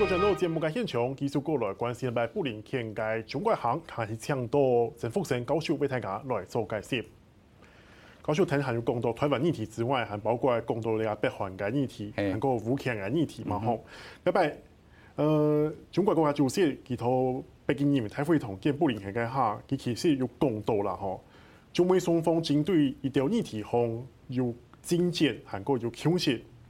目前陣落節目嘅現場，記者過來關心一擺布林肯訪中國行開始倡導曾復生教授為大家來做解釋。教授，談還有更多台灣議題之外，還包括更多的北韓嘅議題，能夠武強的議題嘛吼？阿別，呃，中國國家就是，併頭北京因為台廢同見布林肯嘅哈，其實有講到了吼。中美雙方針對一條議題，吼，要爭執，含過有搶奪。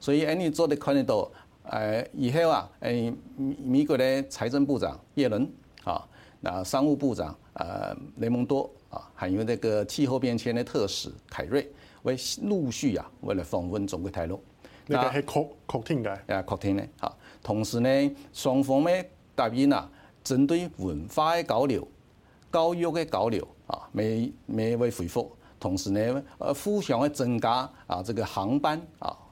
所以 any 做的可能誒以後啊，誒美國的財政部長耶倫啊，那商務部長呃，雷蒙多啊，還有那個氣候變遷的特使凱瑞，會陸續啊，為了訪問中國大陸，那個是擴擴天的，誒擴天咧啊，同時呢，雙方咧答應啊，針對文化嘅交流、教育嘅交流啊，未未會恢復，同時呢，誒互相嘅增加啊，這個航班啊。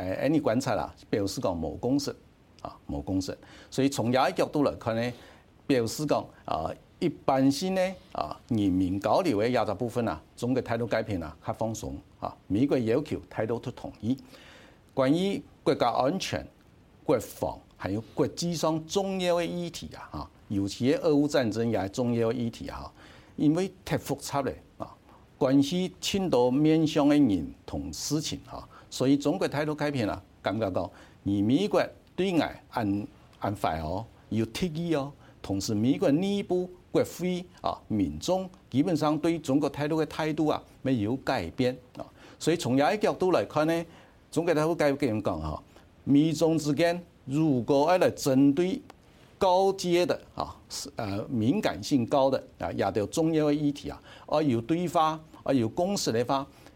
誒，a n y 觀察啦，表示講冇共識，啊冇共識，所以從亞嘅角度嚟看咧，表示講啊、呃，一般性咧啊，人民交流嘅為亞集部分啊，中國態度改變啊，較放鬆，啊，美國要求態度都統一。關於國家安全、國防，還有國際上重要嘅議題啊，嚇，尤其俄烏戰爭也係重要議題啊，因為太複雜咧，啊，關係青島面向嘅人同事情啊。所以中國態度改變了、啊、感覺到而美國對外安安反哦有提議哦，同時美國內部國會啊民眾基本上對中國態度的態度啊沒有改變、啊、所以從一個角度來看呢，中國態度改變講啊民眾之間，如果要來針對高階的啊敏感性高的啊壓掉重要的議題啊而有對話而有共識的話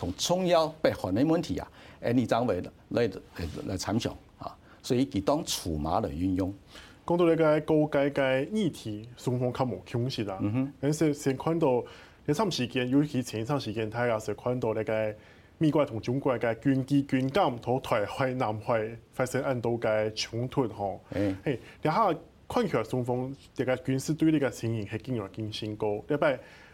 從中央背後嘅問題啊，誒，你作為嚟來參詳啊，所以佢當籌碼嚟運用。講到呢個高階嘅議題，雙方較無共識啦。嗯哼，你先先看到，這霎時間，尤其前一陣時間，大家就看到呢個美國同中國嘅軍機、軍艦同台海、南海發生很多嘅衝突，吼、嗯。誒，嘿，然後看起來雙方呢個軍事對立嘅情形係更加緊升高，特別。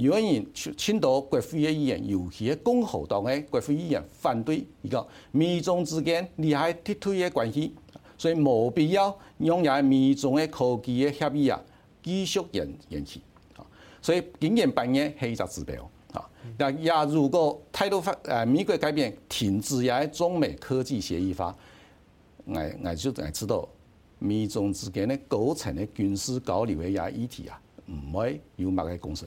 由於簽到國會嘅議員，尤其嘅共和黨嘅國會議員反對而家美中之間利害脫脫的關係，所以冇必要讓也美中嘅科技嘅協議啊繼續延延期。啊，所以今年半年係一個指標，啊、嗯，那也如果態度法誒美國改變停止也中美科技協議法，我我就就知道美中之間咧構成嘅軍事交流嘅也議題啊，唔會有乜嘅共識。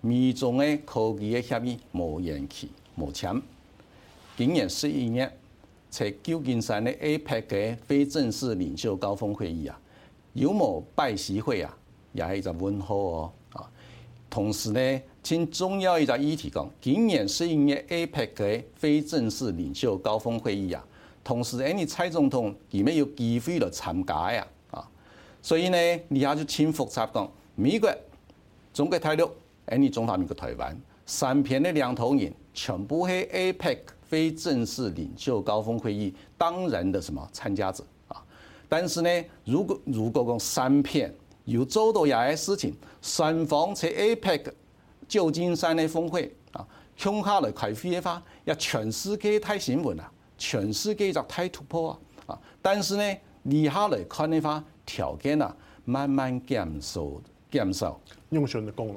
秘藏嘅科技嘅協議無延期無簽，今年十一月在舊金山嘅 APEC 非正式領袖高峰會議啊，有冇拜習會啊？也係一個問號哦。同時呢，請中央一個議題講，今年十一月 APEC 非正式領袖高峰會議啊，同時，誒蔡總統佢咪有機會嚟參加啊，所以呢，你也就請複雜講，美國、中國大陸，any 中華民國台灣，三片的兩頭人全部係 APEC 非正式領袖高峰會議當然的什麼參加者啊？但是呢，如果如果講三片有做到嘢嘅事情，三方在 APEC 舊金山的峰會啊，衝下來開會嘅話，要全世界睇新聞了，全世界就睇突破啊！啊，但是呢，以下嚟睇嘅話，條件啊，慢慢減少減少用上嘅功能。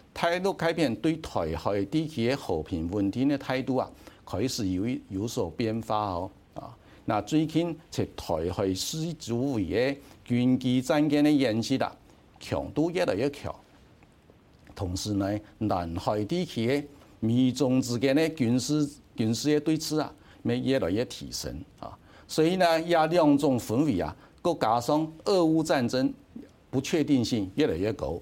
態度改變對台海地區嘅和平問題嘅態度啊，開始有有所變化哦啊！那最近在台海施諸位嘅軍機戰艦嘅演習啦，強度越來越強。同時呢，南海地區嘅民眾之間呢軍事軍事嘅對峙啊，咪越來越提升啊！所以呢，也兩種氛圍啊，再加上俄烏戰爭不確定性越來越高。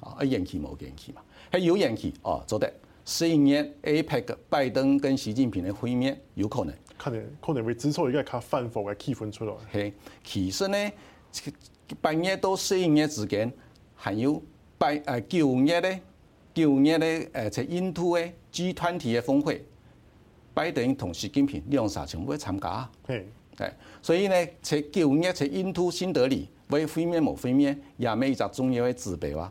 啊！延期冇延期嘛？係有延期哦，做得四年 APEC，拜登跟習近平嘅會面有可能,可能，可能可能會整出一個較反複嘅氣氛出來。係，其實呢，半夜到四一年之間，還有拜誒九月咧，九月咧誒，在印度咧 G20 嘅峰會，拜登同習近平兩曬全部參加。係是，誒，所以呢，在九月在印度新德里為會面冇會面，也係一個重要嘅指標